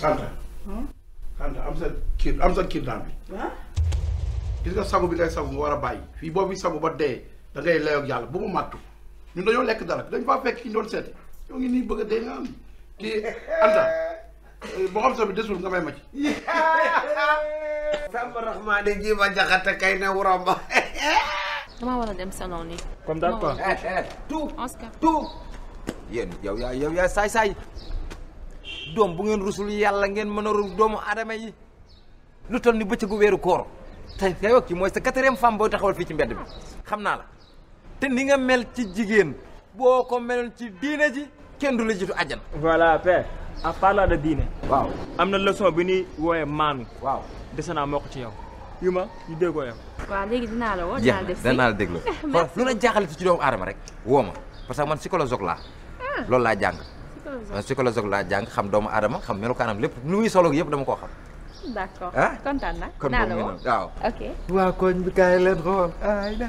Anta. Anta am sa kii am sa kii daan bi. gis nga sagu bi ngay sagu nga war a bàyyi fii boobu fi sagu ba dee da ngay layoog yàlla bu mu màttu ñun dañoo lekk dara dañ faa fekk ki ñu doon seeti ñoo ngi nii bëgg a dee nga am kii Anta eh, boo xam sa desul nga may ma ci. Samba Rahmaani Jiba Jaxate kay ne wuram damaa war a dem salon nii. comme daal quoi eh, eh, tout tout. yéen yow saay saay. doom bu ngeen rusul yàlla ngeen mën a rus doomu aadama yi lu toll ni bëccëgu weeru koor te ngay wax ci mooy sa quatrième femme booy taxawal fii ci mbedd bi xam naa la te ni nga mel ci jigéen boo ko meloon ci diine ji kenn du la jiitu àjjana voilà père en parlant de diine waaw am na leçon bi ñuy wooye maanu waaw dese naa moo ci yow yu ma ñu déggoo yow waaw léegi dinaa la woo dinaa la def danaa la déglu lu la jaaxal jaaxale ci doomu aadama rek woo ma parce que man psychologue laa ah. loolu laa jàng man euh, psychologue laa jàng xam doomu aadama xam melokaanam lépp lu muy solo yëpp dama koo xam. d'accord ah? kon moom mi waaw. ok waa koñ bi kaay leen xool ay na.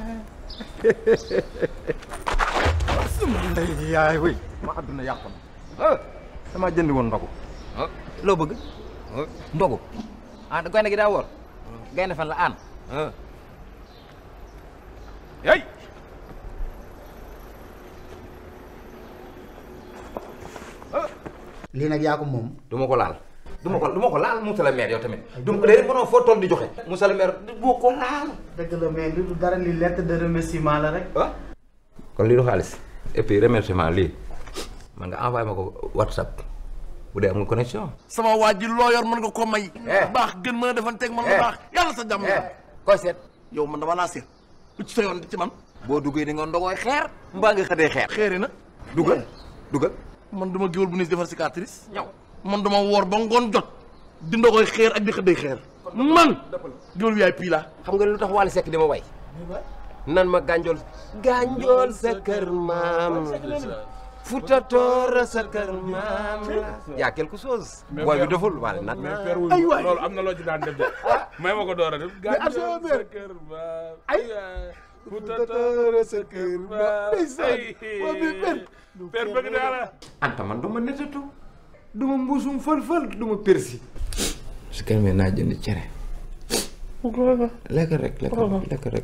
suma ndey ma ah, jëndi woon ndogu. Ah, loo bëgg. ndogu. ah gaynde gi daa woor. gaynde fan la aan. yey. lii nag yaa ko moom. du ko laal du ma ko du ma ko laal Moussa la maire yow tamit. Ah, du ma léegi mënoo foo toll di joxe. Moussa ko laal. mais du dara li lettre de remerciement la rek. Ah? kon lii du xaalis et puis lii man nga envoyé ma ko WhatsApp. bu dee amul connexion. sama waa ji loo yor mën nga ko may. Eh. baax gën ma a defanteeg man la eh. baax. yàlla sa jàmm eh. la. koy seet yow man dama laa seet. lu ci sa yoon ci man. boo duggee di nga xeer. mbaa nga xëtee xeer. xeeri na dugal dugal. man duma géwél bu ni defar cicatrice ñaw man duma wor ba ngon jot di ndogoy xeer ak di xëddee xeer man géwél yaay pii laa xam nga lutax tax Wally dima way nan ma ganjol ganjol sa kër maam Fouta Tooro sa kër maam la. Y'a quelque chose. booy bi deful wal nat. ay way loolu amna lo ci daan def de. Ah. may mako doora def. ganjol sa kër maam. ku tataara anta man duma netatu duma mbuusum fël-fël duma persi su kanamee naa jënd cere lekk rek lekk rek